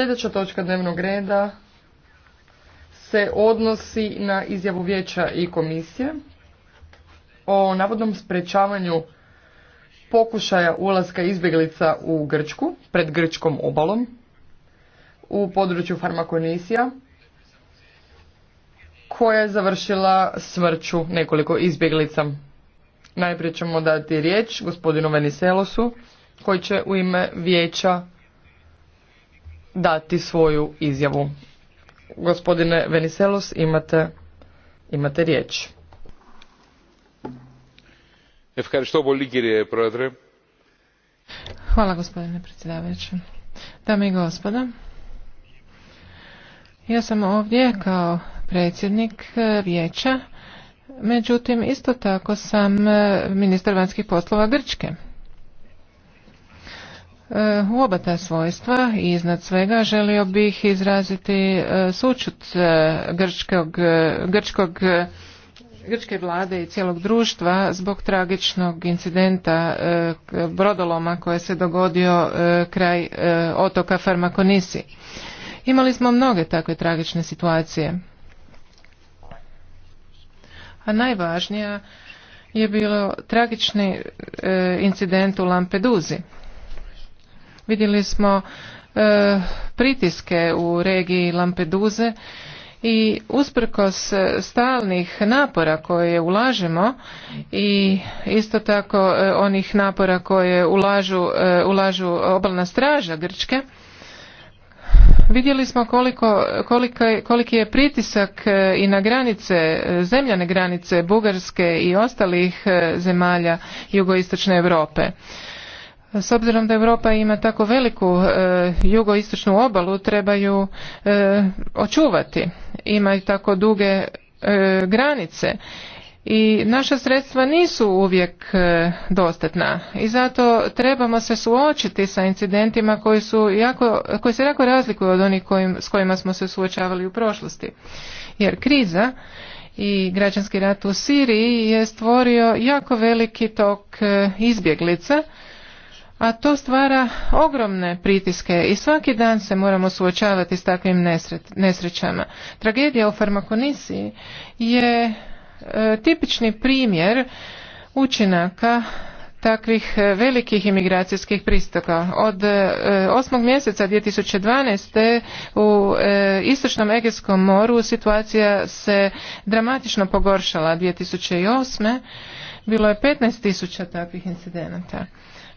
Sljedeća točka dnevnog reda se odnosi na izjavu vijeća i komisije o navodnom sprečavanju pokušaja ulaska izbjeglica u Grčku, pred Grčkom obalom, u području farmakonisija, koja je završila smrću nekoliko izbjeglica. Najprije ćemo dati riječ gospodinu Veniselosu, koji će u ime vijeća dati svoju izjavu. Gospodine Veniselos, imate, imate riječ. Hvala gospodine predsjedavajući. Dame i gospoda, ja sam ovdje kao predsjednik vijeća, međutim isto tako sam eh, ministar vanjskih poslova Grčke. U oba ta svojstva i iznad svega želio bih izraziti e, sučut e, grčkog, e, grčkog grčke vlade i cijelog društva zbog tragičnog incidenta brodoloma koje se dogodio kraj otoka Farmakonisi. Imali smo mnoge takve tragične situacije. A najvažnija je bilo tragični incident u Lampeduzi. Vidjeli smo e, pritiske u regiji Lampeduze i usprkos stalnih napora koje ulažemo i isto tako e, onih napora koje ulažu, e, ulažu obalna straža Grčke, vidjeli smo koliko, koliki je pritisak i na granice, zemljane granice Bugarske i ostalih zemalja jugoistočne Europe. S obzirom da Europa ima tako veliku e, jugoistočnu obalu, trebaju e, očuvati. Imaju tako duge e, granice i naša sredstva nisu uvijek e, dostatna i zato trebamo se suočiti sa incidentima koji, su jako, koji se jako razlikuju od onih kojim, s kojima smo se suočavali u prošlosti. Jer kriza i građanski rat u Siriji je stvorio jako veliki tok e, izbjeglica a to stvara ogromne pritiske i svaki dan se moramo suočavati s takvim nesrećama. Tragedija u farmakonisiji je e, tipični primjer učinaka takvih e, velikih imigracijskih pristoka. Od e, 8. mjeseca 2012. u e, Istočnom Egeskom moru situacija se dramatično pogoršala. 2008. bilo je 15.000 takvih incidenata.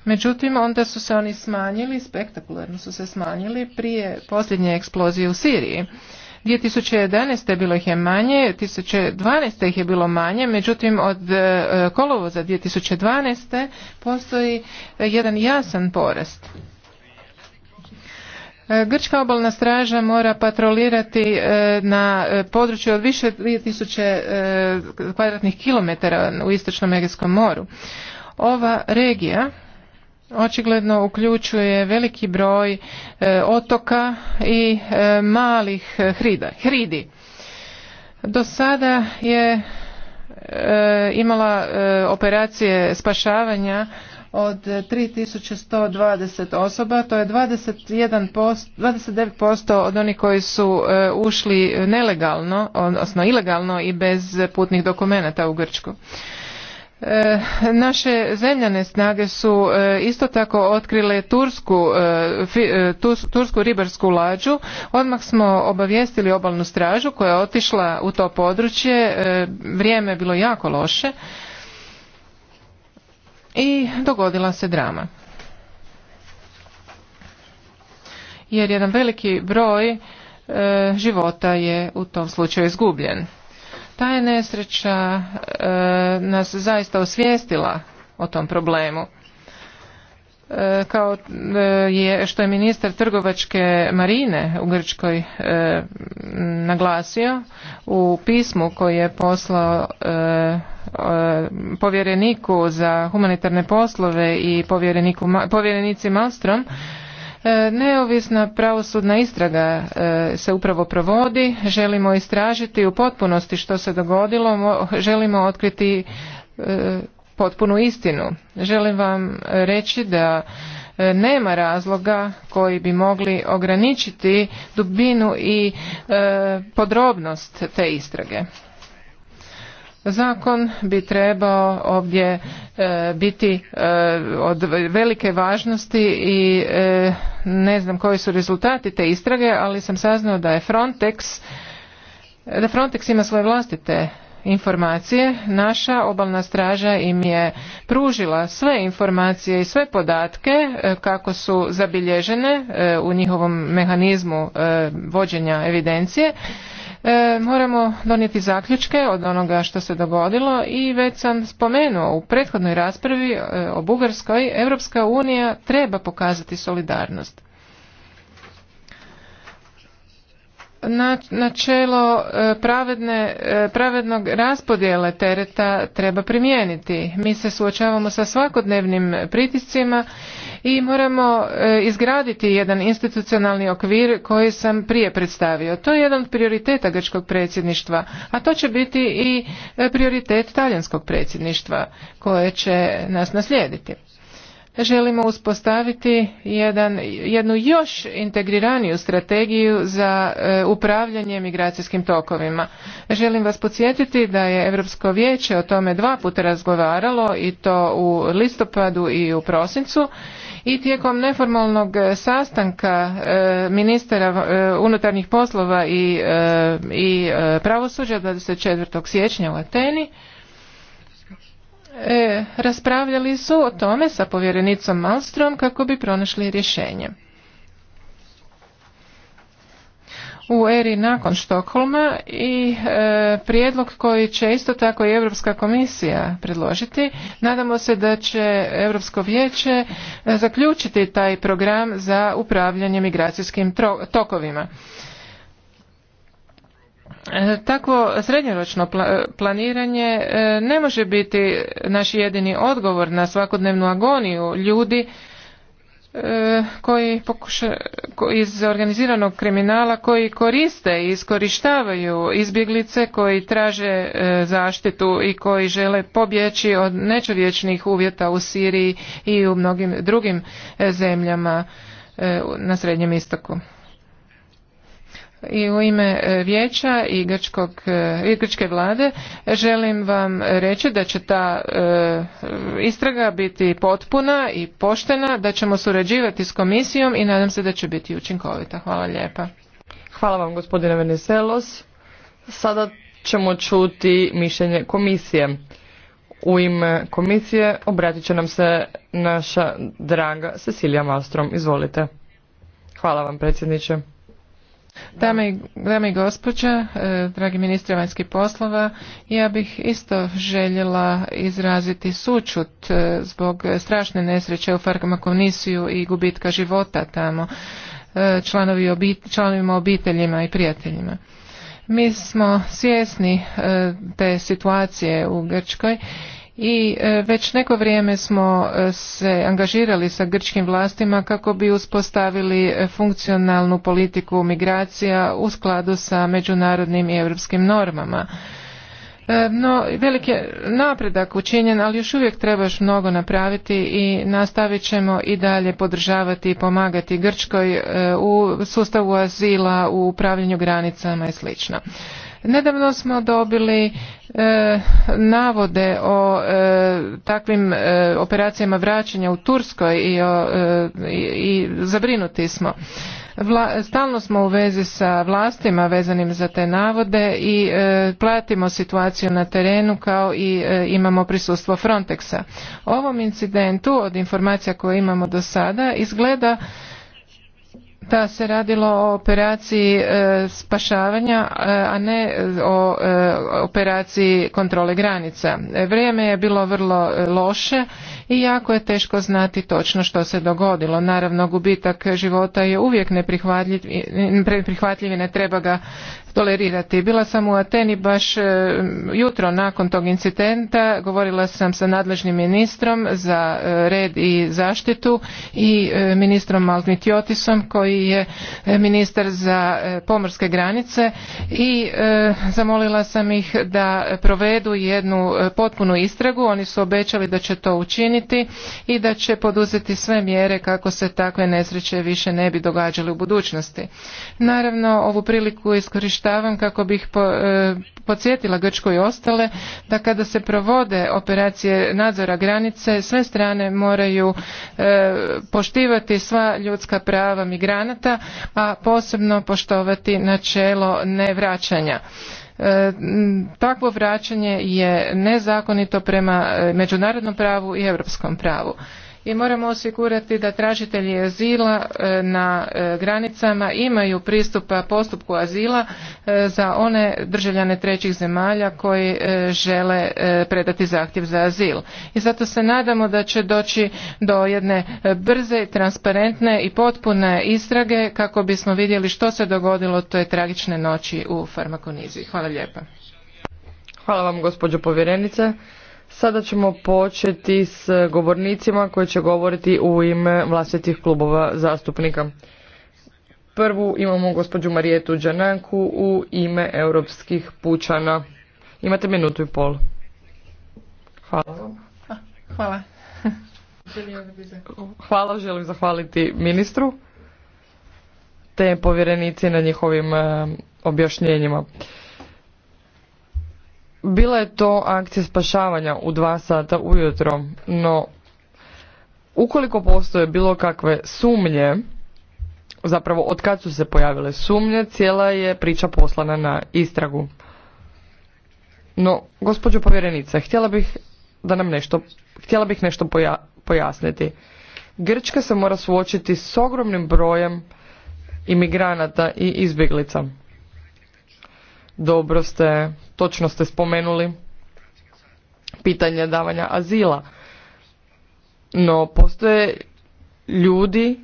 Međutim, onda su se oni smanjili, spektakularno su se smanjili prije posljednje eksplozije u Siriji. 2011. bilo ih je manje, 2012. ih je bilo manje, međutim od e, kolovoza 2012. postoji jedan jasan porast. E, Grčka obalna straža mora patrolirati e, na području od više 2000 kvadratnih kilometara u istočnom Egejskom moru. Ova regija očigledno uključuje veliki broj e, otoka i e, malih e, hrida, hridi. Do sada je imala operacije spašavanja od 3120 osoba, to je 21 29% od onih koji su ušli nelegalno, odnosno ilegalno i bez putnih dokumenata u Grčku. E, naše zemljane snage su e, isto tako otkrile tursku, e, tursku ribarsku lađu. Odmah smo obavijestili obalnu stražu koja je otišla u to područje. Vrijeme je bilo jako loše i dogodila se drama. Jer jedan veliki broj života je u tom slučaju izgubljen. Ta je nesreća e, nas zaista osvijestila o tom problemu. E, kao e, je što je ministar trgovačke marine u Grčkoj naglasio u pismu koji je poslao povjereniku za humanitarne poslove i povjereniku, povjerenici Malstrom E, neovisna pravosudna istraga e, se upravo provodi. Želimo istražiti u potpunosti što se dogodilo. Želimo otkriti e, potpunu istinu. Želim vam reći da nema razloga koji bi mogli ograničiti dubinu i podrobnost te istrage. Zakon bi trebao ovdje e, biti e, od velike važnosti i e, ne znam koji su rezultati te istrage, ali sam saznao da je Frontex, da Frontex ima svoje vlastite informacije. Naša obalna straža im je pružila sve informacije i sve podatke kako su zabilježene u njihovom mehanizmu vođenja evidencije E, moramo donijeti zaključke od onoga što se dogodilo i već sam spomenuo u prethodnoj raspravi e, o Bugarskoj, Europska unija treba pokazati solidarnost. Na, načelo e, pravedne, pravednog raspodjele tereta treba primijeniti. Mi se suočavamo sa svakodnevnim pritiscima i moramo e, izgraditi jedan institucionalni okvir koji sam prije predstavio. To je jedan od prioriteta grčkog predsjedništva, a to će biti i e, prioritet talijanskog predsjedništva koje će nas naslijediti želimo uspostaviti jedan, jednu još integriraniju strategiju za e, upravljanje migracijskim tokovima. Želim vas podsjetiti da je Europsko vijeće o tome dva puta razgovaralo i to u listopadu i u prosincu i tijekom neformalnog e, sastanka e, ministara e, unutarnjih poslova i, i pravosuđa 24. siječnja u Ateni raspravljali su o tome sa povjerenicom Malstrom kako bi pronašli rješenje. u eri nakon Štokholma i e, prijedlog koji će isto tako i Europska komisija predložiti. Nadamo se da će Europsko vijeće e, zaključiti taj program za upravljanje migracijskim tokovima. E, takvo srednjoročno planiranje ne može biti naš jedini odgovor na svakodnevnu agoniju ljudi E, koji pokuša, iz organiziranog kriminala koji koriste i iskorištavaju izbjeglice koji traže e, zaštitu i koji žele pobjeći od nečovječnih uvjeta u Siriji i u mnogim drugim e, zemljama na Srednjem istoku i u ime e, vijeća i, grčkog, e, grčke vlade želim vam reći da će ta e, istraga biti potpuna i poštena, da ćemo surađivati s komisijom i nadam se da će biti učinkovita. Hvala lijepa. Hvala vam gospodine Veneselos. Sada ćemo čuti mišljenje komisije. U ime komisije obratit će nam se naša draga Cecilija Malstrom. Izvolite. Hvala vam predsjedniče. Dame, dame i gospođa, e, dragi ministre vanjskih poslova, ja bih isto željela izraziti sučut e, zbog strašne nesreće u komisiju i gubitka života tamo e, članovi članovima obiteljima i prijateljima. Mi smo svjesni te situacije u Grčkoj i e, već neko vrijeme smo e, se angažirali sa grčkim vlastima kako bi uspostavili e, funkcionalnu politiku migracija u skladu sa međunarodnim i europskim normama. No, veliki je napredak učinjen, ali još uvijek trebaš mnogo napraviti i nastavit ćemo i dalje podržavati i pomagati Grčkoj u sustavu azila, u upravljanju granicama i slično. Nedavno smo dobili e, navode o e, takvim e, operacijama vraćanja u Turskoj i, zabrinuti smo. stalno smo u vezi sa vlastima vezanim za te navode i e, platimo situaciju na terenu kao i imamo prisustvo Frontexa. Ovom incidentu od informacija koje imamo do sada izgleda da se radilo o operaciji e, spašavanja, e, a ne e, o operaciji kontrole granica. Vrijeme je bilo vrlo loše i jako je teško znati točno što se dogodilo. Naravno, gubitak života je uvijek neprihvatljiv, i ne treba ga tolerirati. Bila sam u Ateni baš e, jutro nakon tog incidenta, govorila sam sa nadležnim ministrom za e, red i zaštitu i e, ministrom Malmitiotisom koji je ministar za pomorske granice i zamolila sam ih da provedu jednu potpunu istragu, oni su obećali da će to učiniti i da će poduzeti sve mjere kako se takve nesreće više ne bi događale u budućnosti. Naravno, ovu priliku iskorištavam kako bih po, e, podsjetila Grčko i ostale da kada se provode operacije nadzora granice, sve strane moraju e, poštivati sva ljudska prava migranata, a posebno poštovati načelo nevraćanja. E, takvo vraćanje je nezakonito prema e, međunarodnom pravu i europskom pravu i moramo osigurati da tražitelji azila e, na e, granicama imaju pristupa postupku azila e, za one državljane trećih zemalja koji žele predati zahtjev za azil. I zato se nadamo da će doći do jedne brze, transparentne i potpune istrage kako bismo vidjeli što se dogodilo toj tragične noći u farmakoniziji. Hvala lijepa. Hvala vam gospođo povjerenice. Sada ćemo početi s govornicima koji će govoriti u ime vlastitih klubova zastupnika. Prvu imamo gospođu Marijetu Đananku u ime europskih pučana. Imate minutu i pol. Hvala Hvala. Hvala, želim zahvaliti ministru te povjerenici na njihovim eh, objašnjenjima. Bila je to akcija spašavanja u dva sata ujutro, no ukoliko postoje bilo kakve sumnje, zapravo od kad su se pojavile sumnje, cijela je priča poslana na istragu. No, gospođo povjerenice, htjela bih da nam nešto, htjela bih nešto pojasniti. Grčka se mora suočiti s ogromnim brojem imigranata i izbjeglica. Dobro ste točno ste spomenuli pitanje davanja azila. No, postoje ljudi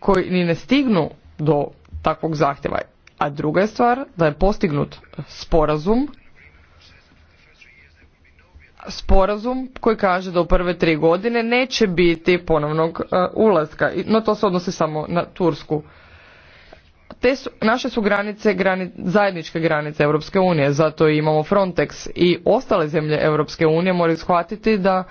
koji ni ne stignu do takvog zahtjeva. A druga je stvar da je postignut sporazum sporazum koji kaže da u prve tri godine neće biti ponovnog e, ulaska. No to se odnosi samo na Tursku te su, naše su granice zajedničke granice Europske unije, zato imamo Frontex i ostale zemlje Europske unije moraju shvatiti da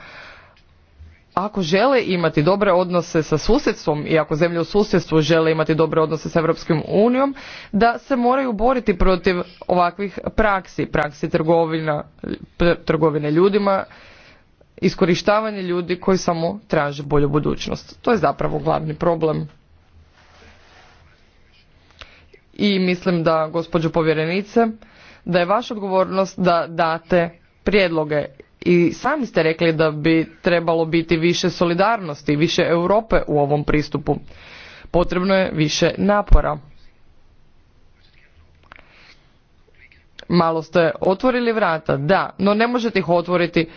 ako žele imati dobre odnose sa susjedstvom i ako zemlje u susjedstvu žele imati dobre odnose sa Europskom unijom, da se moraju boriti protiv ovakvih praksi, praksi trgovina, trgovine ljudima, iskorištavanje ljudi koji samo traže bolju budućnost. To je zapravo glavni problem i mislim da gospođo povjerenice da je vaša odgovornost da date prijedloge i sami ste rekli da bi trebalo biti više solidarnosti više Europe u ovom pristupu potrebno je više napora malo ste otvorili vrata da no ne možete ih otvoriti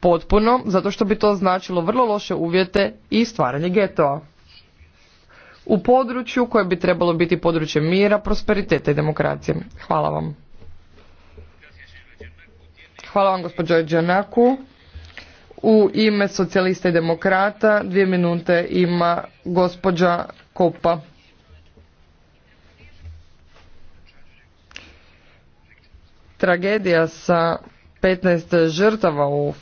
potpuno zato što bi to značilo vrlo loše uvjete i stvaranje getova u području koje bi trebalo biti područje mira, prosperiteta i demokracije. Hvala vam. Hvala vam gospođo Đanaku. U ime socijalista i demokrata dvije minute ima gospođa Kopa. Tragedija sa 15 žrtava u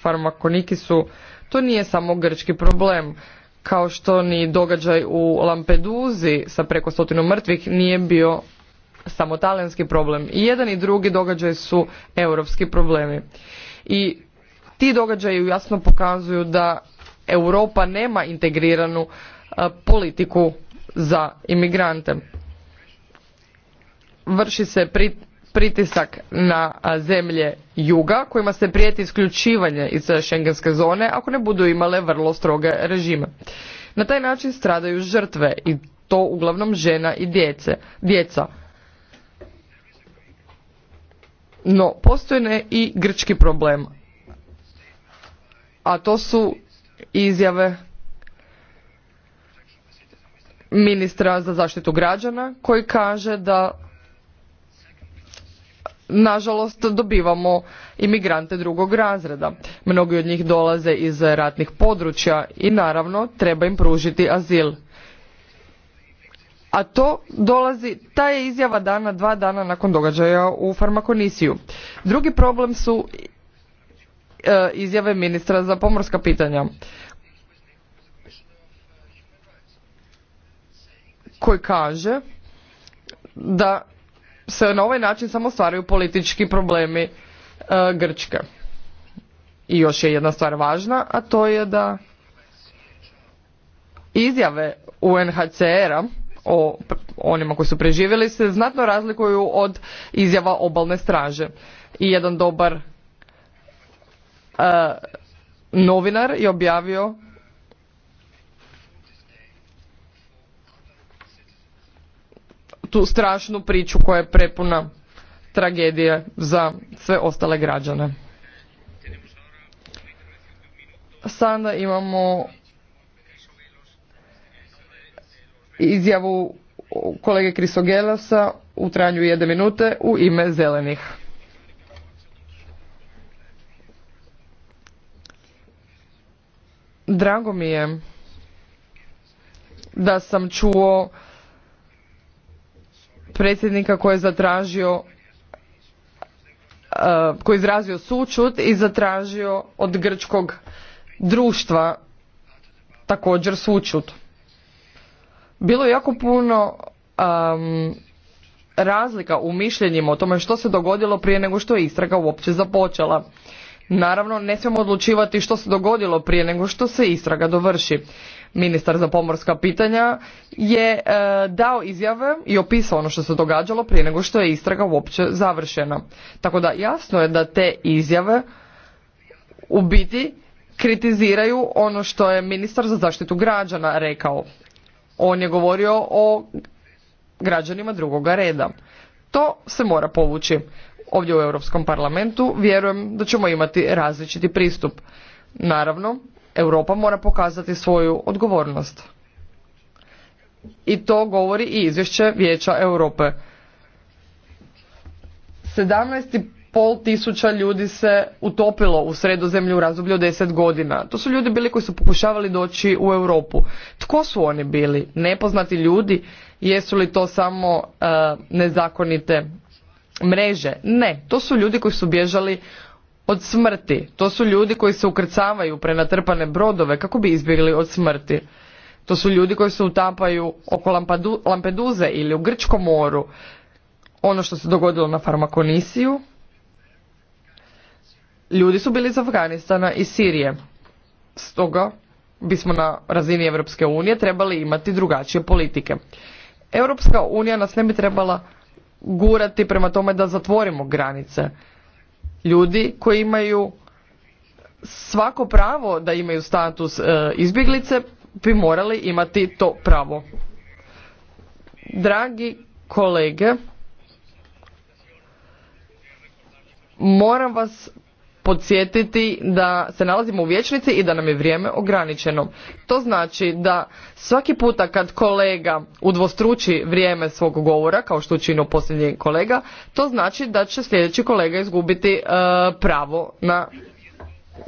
farmakonikisu to nije samo grčki problem kao što ni događaj u Lampeduzi sa preko stotinu mrtvih nije bio samo talijanski problem. I jedan i drugi događaj su europski problemi. I ti događaji jasno pokazuju da Europa nema integriranu e, politiku za imigrante. Vrši se pri, pritisak na zemlje juga kojima se prijeti isključivanje iz šengenske zone ako ne budu imale vrlo stroge režime. Na taj način stradaju žrtve i to uglavnom žena i djece, djeca. No, postoje i grčki problem, a to su izjave ministra za zaštitu građana koji kaže da nažalost dobivamo imigrante drugog razreda. Mnogi od njih dolaze iz ratnih područja i naravno treba im pružiti azil. A to dolazi, ta je izjava dana dva dana nakon događaja u farmakonisiju. Drugi problem su e, izjave ministra za pomorska pitanja. Koji kaže da se na ovaj način samo stvaraju politički problemi e, Grčke. I još je jedna stvar važna, a to je da izjave UNHCR-a o onima koji su preživjeli se znatno razlikuju od izjava obalne straže. I jedan dobar e, novinar je objavio tu strašnu priču koja je prepuna tragedije za sve ostale građane. Sada imamo izjavu kolege Krisogelasa u trajanju jedne minute u ime zelenih. Drago mi je da sam čuo predsjednika koji je zatražio e, koji je izrazio sučut i zatražio od grčkog društva također sučut. Bilo je jako puno razlika u mišljenjima o tome što se dogodilo prije nego što je istraga uopće započela. Naravno, ne smijemo odlučivati što se dogodilo prije nego što se istraga dovrši ministar za pomorska pitanja, je e, dao izjave i opisao ono što se događalo prije nego što je istraga uopće završena. Tako da jasno je da te izjave u biti kritiziraju ono što je ministar za zaštitu građana rekao. On je govorio o građanima drugoga reda. To se mora povući. Ovdje u Europskom parlamentu vjerujem da ćemo imati različiti pristup. Naravno, Europa mora pokazati svoju odgovornost. I to govori i izvješće Vijeća Europe. sedamnaestpet tisuća ljudi se utopilo u sredozemlju u razdoblju od deset godina. To su ljudi bili koji su pokušavali doći u Europu. Tko su oni bili? Nepoznati ljudi? Jesu li to samo e, nezakonite mreže? Ne, to su ljudi koji su bježali od smrti. To su ljudi koji se ukrcavaju prenatrpane brodove kako bi izbjegli od smrti. To su ljudi koji se utapaju oko Lampeduze ili u Grčkom moru. Ono što se dogodilo na farmakonisiju. Ljudi su bili iz Afganistana i Sirije. Stoga bismo na razini Europske unije trebali imati drugačije politike. Europska unija nas ne bi trebala gurati prema tome da zatvorimo granice ljudi koji imaju svako pravo da imaju status e, izbjeglice bi morali imati to pravo. Dragi kolege, moram vas podsjetiti da se nalazimo u vječnici i da nam je vrijeme ograničeno. To znači da svaki puta kad kolega udvostruči vrijeme svog govora, kao što učinio posljednji kolega, to znači da će sljedeći kolega izgubiti e, pravo na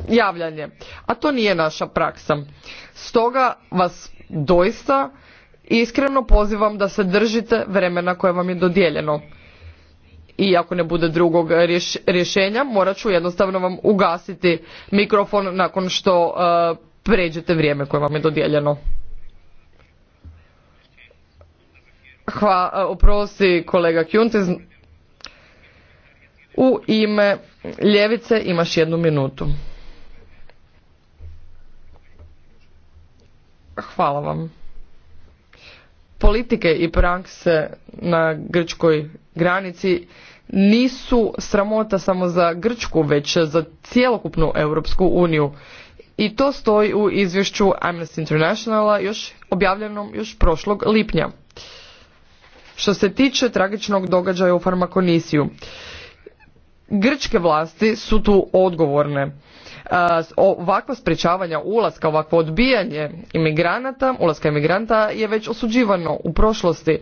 javljanje. A to nije naša praksa. Stoga vas doista iskreno pozivam da se držite vremena koje vam je dodijeljeno i ako ne bude drugog rješenja morat ću jednostavno vam ugasiti mikrofon nakon što e, pređete vrijeme koje vam je dodijeljeno. hvala e, oprosti kolega U ime Ljevice imaš jednu minutu. Hvala vam politike i prakse na grčkoj granici nisu sramota samo za Grčku, već za cijelokupnu Europsku uniju. I to stoji u izvješću Amnesty Internationala još objavljenom još prošlog lipnja. Što se tiče tragičnog događaja u farmakonisiju, grčke vlasti su tu odgovorne ovakva sprječavanja ulaska, ovakvo odbijanje imigranata, ulaska imigranta je već osuđivano u prošlosti.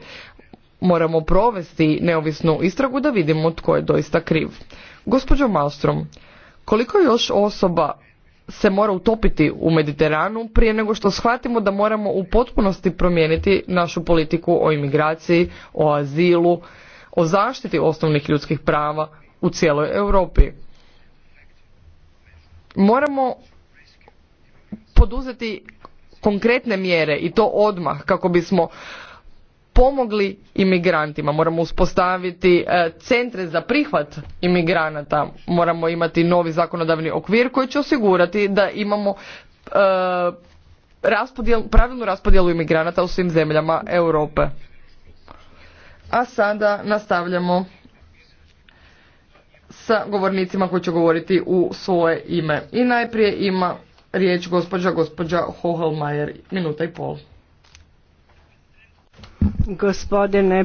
Moramo provesti neovisnu istragu da vidimo tko je doista kriv. Gospođo Malstrom, koliko još osoba se mora utopiti u Mediteranu prije nego što shvatimo da moramo u potpunosti promijeniti našu politiku o imigraciji, o azilu, o zaštiti osnovnih ljudskih prava u cijeloj Europi moramo poduzeti konkretne mjere i to odmah kako bismo pomogli imigrantima moramo uspostaviti e, centre za prihvat imigranata moramo imati novi zakonodavni okvir koji će osigurati da imamo e, pravilnu raspodjelu imigranata u svim zemljama Europe a sada nastavljamo sa govornicima koji će govoriti u svoje ime. I najprije ima riječ gospođa, gospođa Hohelmajer, minuta i pol. Gospodine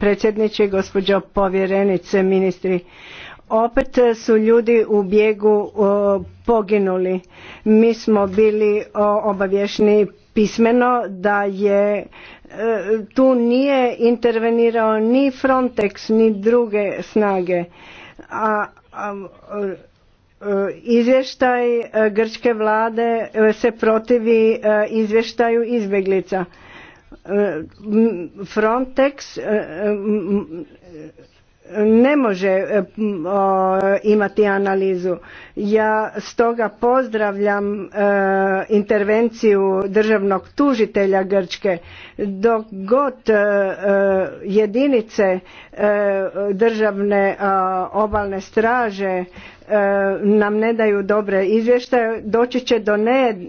predsjedniče, gospođo povjerenice, ministri, opet su ljudi u bijegu poginuli. Mi smo bili obavješni pismeno da je e, tu nije intervenirao ni Frontex ni druge snage a, e, izvještaj e, grčke vlade e, se protivi izvještaju izbjeglica. Frontex ne može e, imati analizu. Ja stoga pozdravljam e, intervenciju državnog tužitelja Grčke dok god e, jedinice državne obalne straže nam ne daju dobre izvještaje, doći će do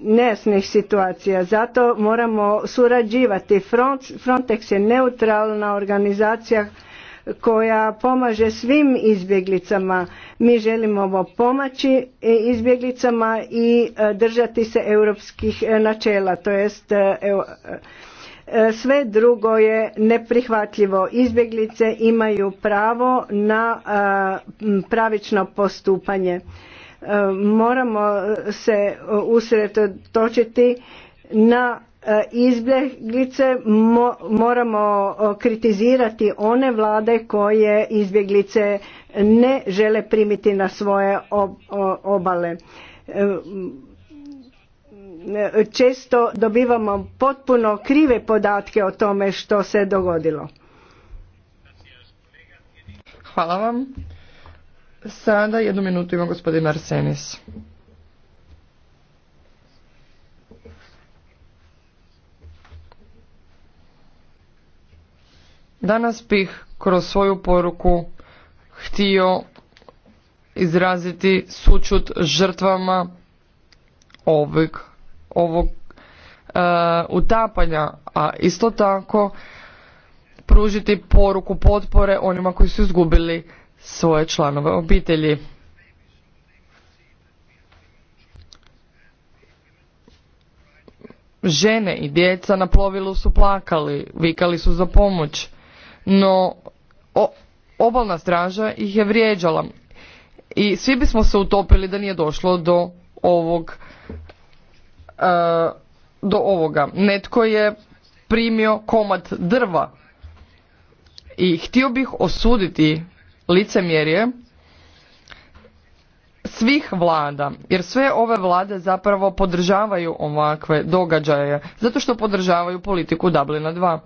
nejasnih situacija. Zato moramo surađivati. Frontex je neutralna organizacija koja pomaže svim izbjeglicama. Mi želimo pomaći e, izbjeglicama i e, držati se europskih e, načela, to jest sve drugo je neprihvatljivo. Izbjeglice imaju pravo na pravično postupanje. Moramo se usredotočiti na E, izbjeglice moramo kritizirati one vlade koje izbjeglice ne žele primiti na svoje obale e, često dobivamo potpuno krive podatke o tome što se dogodilo hvala vam sada jednu minutu ima gospodin arsenis Danas bih kroz svoju poruku htio izraziti sučut žrtvama ovog, ovog uh, utapanja, a isto tako pružiti poruku potpore onima koji su izgubili svoje članove obitelji. Žene i djeca na plovilu su plakali, vikali su za pomoć no obalna straža ih je vrijeđala i svi bismo se utopili da nije došlo do ovog e, do ovoga netko je primio komad drva i htio bih osuditi licemjerje svih vlada jer sve ove vlade zapravo podržavaju ovakve događaje zato što podržavaju politiku Dublina dva.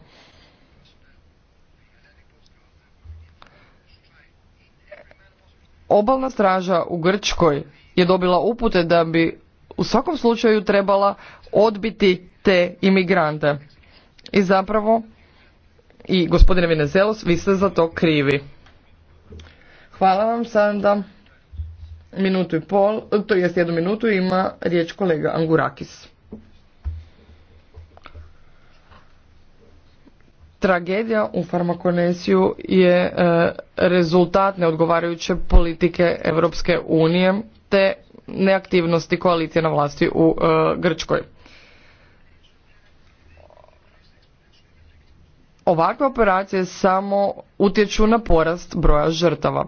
Obalna straža u Grčkoj je dobila upute da bi u svakom slučaju trebala odbiti te imigrante. I zapravo, i gospodine Vinezelos, vi ste za to krivi. Hvala vam sada. Minutu i pol, to jest jednu minutu ima riječ kolega Angurakis. Tragedija u farmakonesiju je e, rezultat neodgovarajuće politike Europske unije te neaktivnosti koalicije na vlasti u e, Grčkoj. Ovakve operacije samo utječu na porast broja žrtava.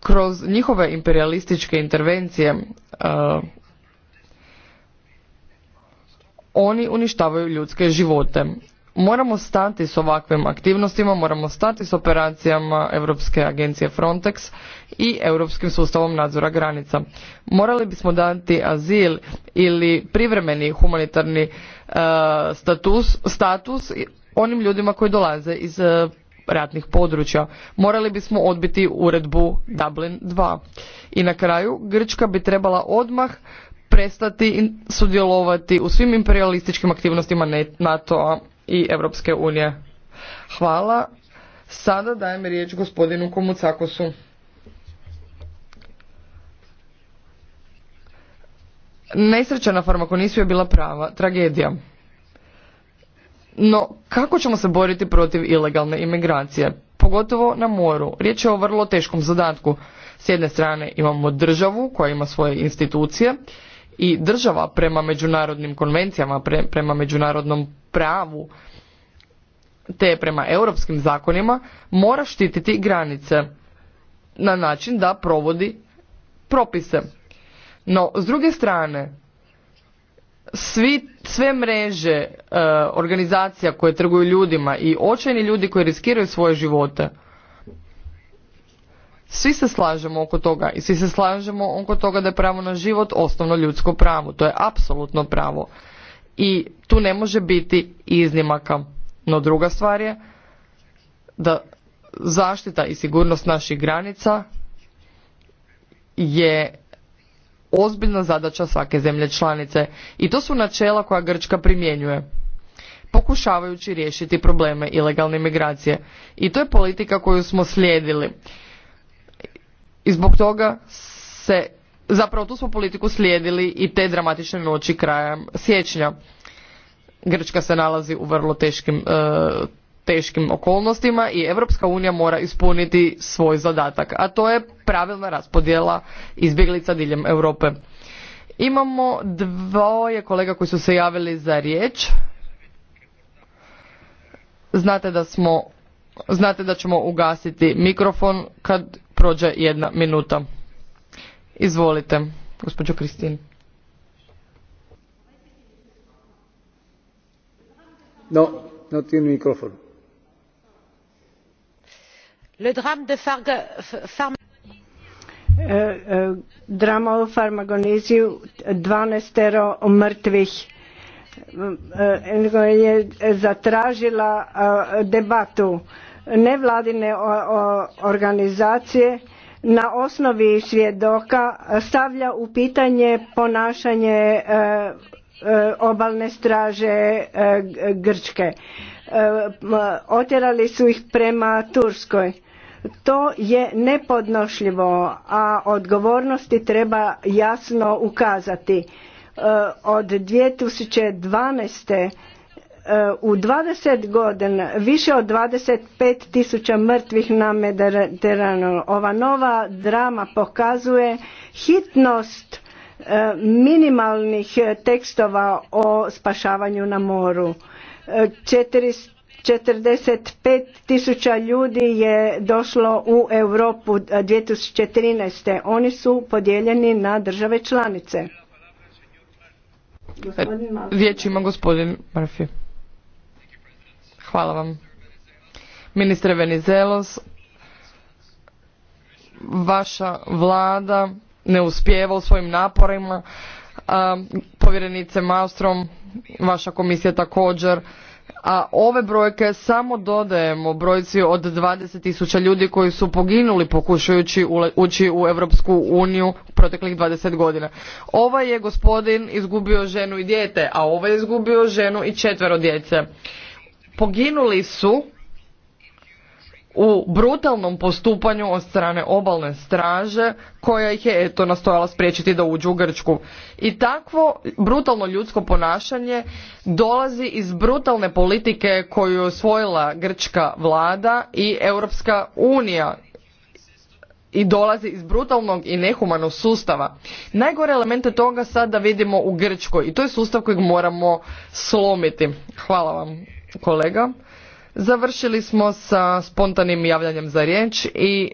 Kroz njihove imperialističke intervencije e, oni uništavaju ljudske živote. Moramo stati s ovakvim aktivnostima, moramo stati s operacijama Europske agencije Frontex i Europskim sustavom nadzora granica. Morali bismo dati azil ili privremeni humanitarni e, status, status onim ljudima koji dolaze iz e, ratnih područja. Morali bismo odbiti uredbu Dublin 2. I na kraju Grčka bi trebala odmah prestati sudjelovati u svim imperialističkim aktivnostima NATO-a i Europske unije. Hvala. Sada dajem riječ gospodinu Komucakosu. Nesreća na farmakonisiju je bila prava tragedija. No, kako ćemo se boriti protiv ilegalne imigracije? Pogotovo na moru. Riječ je o vrlo teškom zadatku. S jedne strane imamo državu koja ima svoje institucije, i država prema međunarodnim konvencijama, prema međunarodnom pravu, te prema europskim zakonima, mora štititi granice na način da provodi propise. No, s druge strane, svi, sve mreže e, organizacija koje trguju ljudima i očajni ljudi koji riskiraju svoje živote, svi se slažemo oko toga i svi se slažemo oko toga da je pravo na život osnovno ljudsko pravo. To je apsolutno pravo. I tu ne može biti iznimaka. No druga stvar je da zaštita i sigurnost naših granica je ozbiljna zadaća svake zemlje članice i to su načela koja Grčka primjenjuje pokušavajući riješiti probleme ilegalne migracije. I to je politika koju smo slijedili i zbog toga se zapravo tu smo politiku slijedili i te dramatične noći krajem siječnja grčka se nalazi u vrlo teškim e, teškim okolnostima i europska unija mora ispuniti svoj zadatak a to je pravilna raspodjela izbjeglica diljem europe imamo dvoje kolega koji su se javili za riječ znate da smo znate da ćemo ugasiti mikrofon kad prođe jedna minuta. Izvolite, gospođo Kristin. No, not in mikrofon. Le drame de Farga, Farm... E, e, drama o farmagoniziju, 12 mrtvih e, je zatražila debatu nevladine organizacije na osnovi svjedoka stavlja u pitanje ponašanje e, e, obalne straže e, Grčke. Otjerali su ih prema Turskoj. To je nepodnošljivo, a odgovornosti treba jasno ukazati. Od 2012 u 20 godina više od 25 tisuća mrtvih na Mediteranu. Ova nova drama pokazuje hitnost e, minimalnih tekstova o spašavanju na moru. 45 e, tisuća ljudi je došlo u Europu 2013. E, Oni su podijeljeni na države članice. Vijeć ima gospodin Marfi. Hvala vam. Ministre Venizelos, vaša vlada ne uspijeva u svojim naporima. Povjerenice Maustrom, vaša komisija također. A ove brojke samo dodajemo brojci od 20.000 ljudi koji su poginuli pokušajući ući u Europsku uniju proteklih 20 godina. Ovaj je gospodin izgubio ženu i dijete, a ovaj je izgubio ženu i četvero djece poginuli su u brutalnom postupanju od strane obalne straže koja ih je eto nastojala spriječiti da uđu u Grčku. I takvo brutalno ljudsko ponašanje dolazi iz brutalne politike koju je osvojila grčka vlada i Europska unija i dolazi iz brutalnog i nehumanog sustava. Najgore elemente toga sada vidimo u Grčkoj i to je sustav kojeg moramo slomiti. Hvala vam kolega. Završili smo sa spontanim javljanjem za riječ i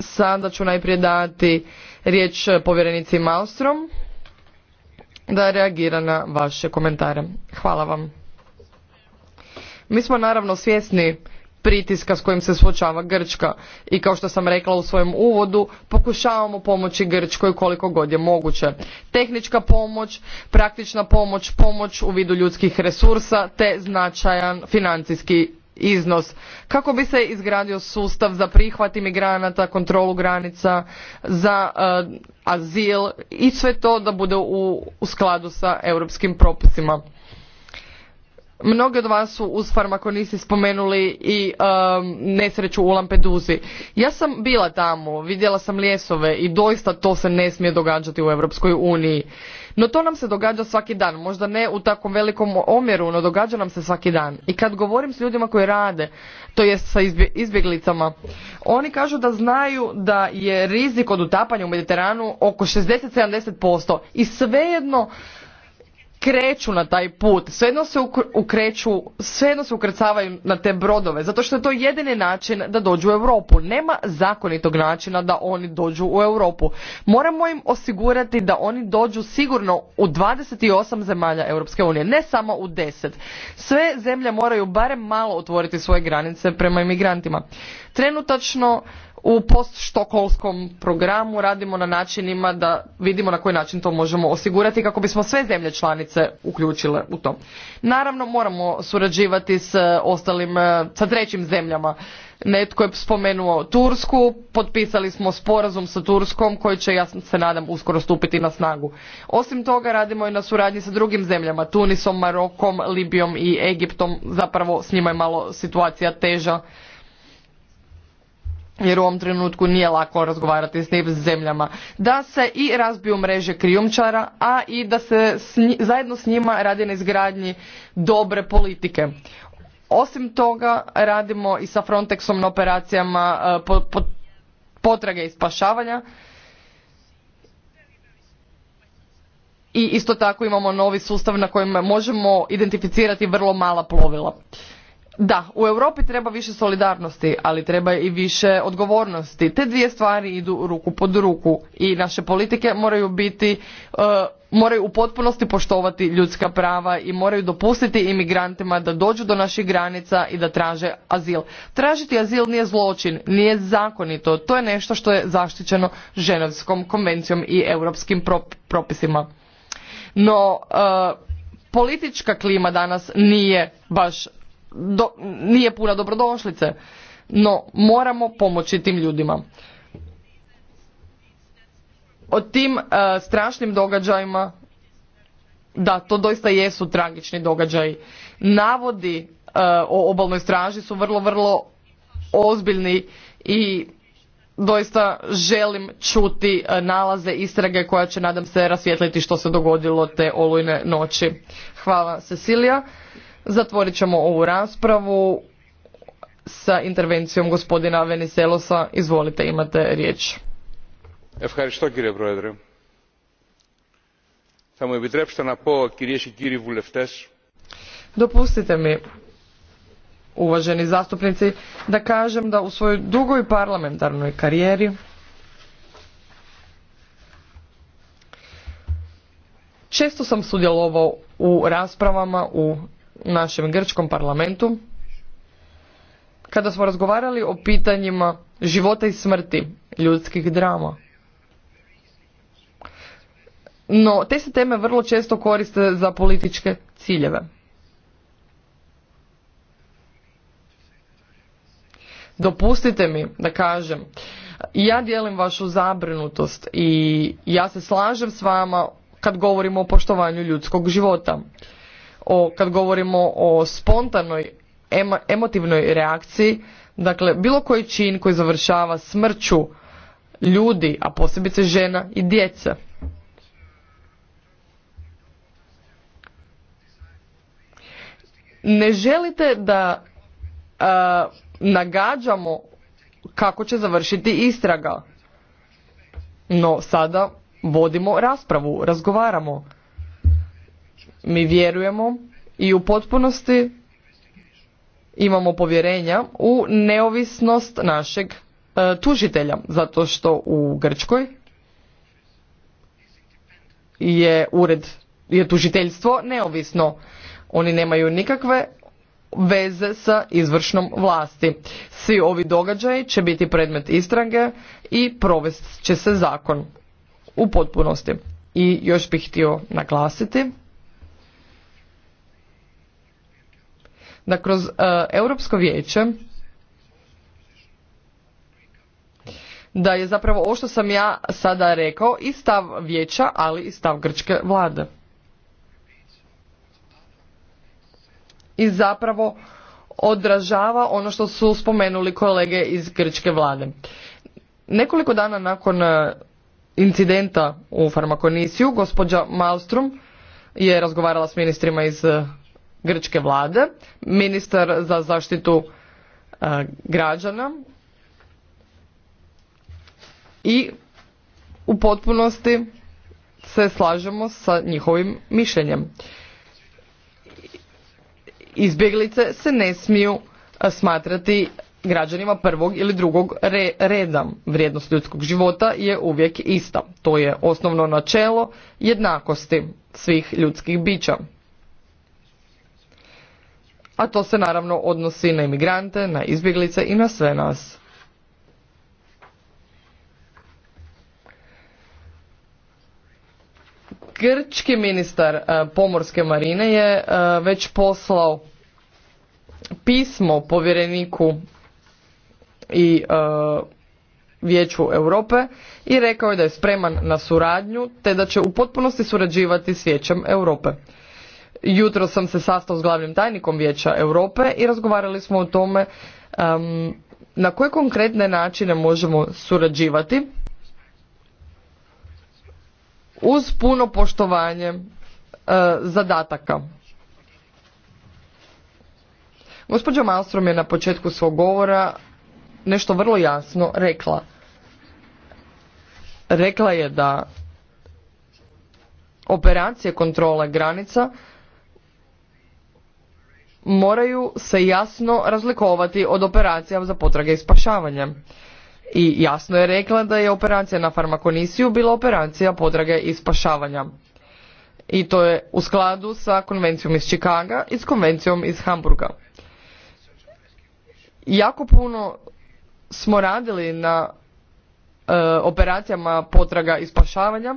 sada ću najprije dati riječ povjerenici Malstrom da reagira na vaše komentare. Hvala vam. Mi smo naravno svjesni pritiska s kojim se suočava Grčka i kao što sam rekla u svojem uvodu pokušavamo pomoći Grčkoj koliko god je moguće. Tehnička pomoć, praktična pomoć, pomoć u vidu ljudskih resursa te značajan financijski iznos kako bi se izgradio sustav za prihvat imigranata, kontrolu granica, za eh, azil i sve to da bude u, u skladu sa europskim propisima. Mnogi od vas su uz farmakonisi spomenuli i um, nesreću u Lampeduzi. Ja sam bila tamo, vidjela sam ljesove i doista to se ne smije događati u Europskoj uniji. No to nam se događa svaki dan, možda ne u takvom velikom omjeru, no događa nam se svaki dan. I kad govorim s ljudima koji rade, to jest sa izbjeglicama, oni kažu da znaju da je rizik od utapanja u Mediteranu oko 60-70% i svejedno kreću na taj put, svejedno se ukreću, svejedno se ukrcavaju na te brodove, zato što je to jedini način da dođu u Europu. Nema zakonitog načina da oni dođu u Europu. Moramo im osigurati da oni dođu sigurno u 28 zemalja Europske unije, ne samo u 10. Sve zemlje moraju barem malo otvoriti svoje granice prema imigrantima. Trenutačno u postštokolskom programu radimo na načinima da vidimo na koji način to možemo osigurati kako bismo sve zemlje članice uključile u to. Naravno moramo surađivati s eh, ostalim, eh, sa trećim zemljama. Netko je spomenuo Tursku, potpisali smo sporazum sa Turskom koji će, ja se nadam, uskoro stupiti na snagu. Osim toga radimo i na suradnji sa drugim zemljama, Tunisom, Marokom, Libijom i Egiptom, zapravo s njima je malo situacija teža jer u ovom trenutku nije lako razgovarati s tim zemljama, da se i razbiju mreže krijumčara, a i da se zajedno s njima radi na izgradnji dobre politike. Osim toga, radimo i sa Frontexom na operacijama e, potrage i spašavanja. I isto tako imamo novi sustav na kojem možemo identificirati vrlo mala plovila da, u Europi treba više solidarnosti, ali treba i više odgovornosti. Te dvije stvari idu ruku pod ruku i naše politike moraju biti, e, moraju u potpunosti poštovati ljudska prava i moraju dopustiti imigrantima da dođu do naših granica i da traže azil. Tražiti azil nije zločin, nije zakonito, to je nešto što je zaštićeno Ženevskom konvencijom i europskim propisima. No, e, politička klima danas nije baš nije puna dobrodošlice, no moramo pomoći tim ljudima. O tim e, strašnim događajima, da, to doista jesu tragični događaji. Navodi e, o obalnoj straži su vrlo, vrlo ozbiljni i doista želim čuti e, nalaze istrage koja će nadam se rasvjetliti što se dogodilo te olujne noći. Hvala Cecilija. Zatvorit ćemo ovu raspravu sa intervencijom gospodina Veniselosa. Izvolite, imate riječ. Dopustite mi, uvaženi zastupnici, da kažem da u svojoj dugoj parlamentarnoj karijeri često sam sudjelovao u raspravama u našem grčkom parlamentu kada smo razgovarali o pitanjima života i smrti ljudskih drama. No, te se teme vrlo često koriste za političke ciljeve. Dopustite mi da kažem, ja dijelim vašu zabrinutost i ja se slažem s vama kad govorimo o poštovanju ljudskog života o, kad govorimo o spontanoj emotivnoj reakciji, dakle bilo koji čin koji završava smrću ljudi, a posebice žena i djece. Ne želite da nagađamo kako će završiti istraga. No sada vodimo raspravu, razgovaramo. Mi vjerujemo i u potpunosti imamo povjerenja u neovisnost našeg e, tužitelja, zato što u Grčkoj je ured, je tužiteljstvo neovisno. Oni nemaju nikakve veze sa izvršnom vlasti. Svi ovi događaji će biti predmet istrage i provest će se zakon u potpunosti. I još bih htio naglasiti da kroz e, Europsko vijeće da je zapravo ovo što sam ja sada rekao i stav vijeća, ali i stav grčke vlade. I zapravo odražava ono što su spomenuli kolege iz grčke vlade. Nekoliko dana nakon e, incidenta u farmakonisiju, gospođa Malstrom je razgovarala s ministrima iz grčke vlade, ministar za zaštitu e, građana i u potpunosti se slažemo sa njihovim mišljenjem. Izbjeglice se ne smiju e, smatrati građanima prvog ili drugog reda. Vrijednost ljudskog života je uvijek ista. To je osnovno načelo jednakosti svih ljudskih bića a to se naravno odnosi na imigrante, na izbjeglice i na sve nas. Grčki ministar e, pomorske marine je e, već poslao pismo povjereniku i e, Vijeću Europe i rekao je da je spreman na suradnju te da će u potpunosti surađivati s Vijećem Europe jutro sam se sastao s glavnim tajnikom Vijeća Europe i razgovarali smo o tome na koje konkretne načine možemo surađivati uz puno poštovanje e, zadataka. Gospođa Malstrom je na početku svog govora nešto vrlo jasno rekla. Rekla je da operacije kontrole granica moraju se jasno razlikovati od operacija za potrage i spašavanje. I jasno je rekla da je operacija na farmakonisiju bila operacija potrage i spašavanja. I to je u skladu sa konvencijom iz Čikaga i s konvencijom iz Hamburga. Jako puno smo radili na e, operacijama potraga i spašavanja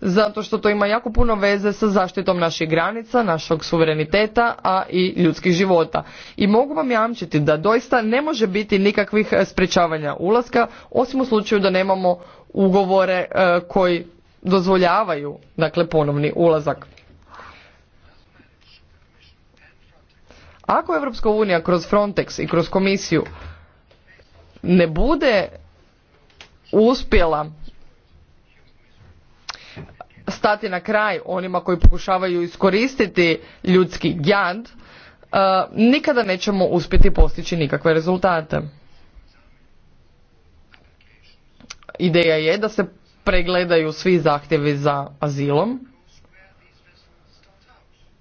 zato što to ima jako puno veze sa zaštitom naših granica, našog suvereniteta, a i ljudskih života. I mogu vam jamčiti da doista ne može biti nikakvih e, sprečavanja ulaska, osim u slučaju da nemamo ugovore e, koji dozvoljavaju dakle, ponovni ulazak. Ako Europska unija kroz Frontex i kroz komisiju ne bude uspjela stati na kraj onima koji pokušavaju iskoristiti ljudski jad e, nikada nećemo uspjeti postići nikakve rezultate ideja je da se pregledaju svi zahtjevi za azilom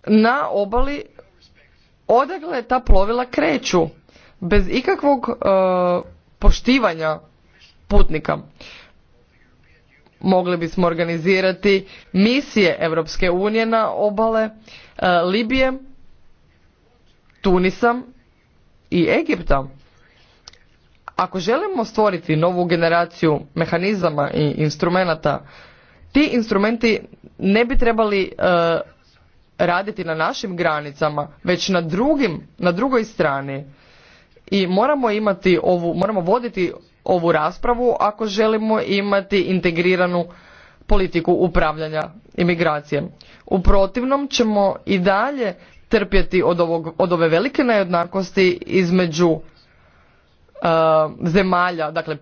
na obali odakle ta plovila kreću bez ikakvog e, poštivanja putnika mogli bismo organizirati misije Europske unije na obale e, Libije, Tunisa i Egipta. Ako želimo stvoriti novu generaciju mehanizama i instrumenata, ti instrumenti ne bi trebali e, raditi na našim granicama, već na drugim, na drugoj strani. I moramo imati ovu, moramo voditi ovu raspravu ako želimo imati integriranu politiku upravljanja imigracije. U protivnom ćemo i dalje trpjeti od, ove velike nejednakosti između e, zemalja, dakle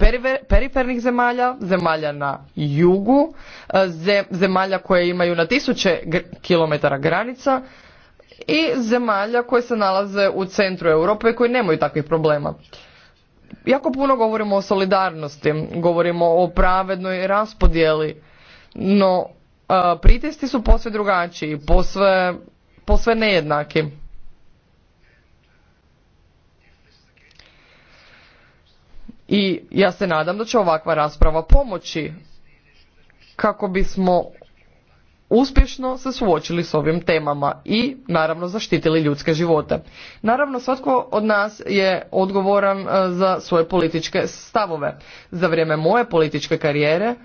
perifernih zemalja, zemalja na jugu, e, zemalja koje imaju na tisuće kilometara granica i zemalja koje se nalaze u centru Europe i koji nemaju takvih problema jako puno govorimo o solidarnosti govorimo o pravednoj raspodjeli no e, pritisci su posve drugačiji posve, posve nejednaki i ja se nadam da će ovakva rasprava pomoći kako bismo uspješno se suočili s ovim temama i naravno zaštitili ljudske živote. Naravno svatko od nas je odgovoran e, za svoje političke stavove. Za vrijeme moje političke karijere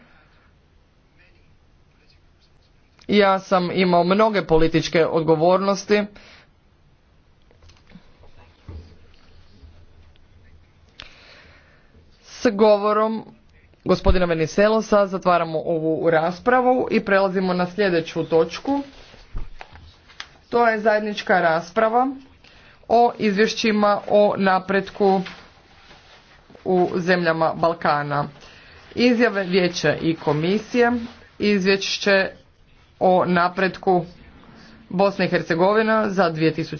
ja sam imao mnoge političke odgovornosti s govorom gospodina Veniselosa. Zatvaramo ovu raspravu i prelazimo na sljedeću točku. To je zajednička rasprava o izvješćima o napretku u zemljama Balkana. Izjave vijeća i komisije, izvješće o napretku Bosne i Hercegovina za 2000.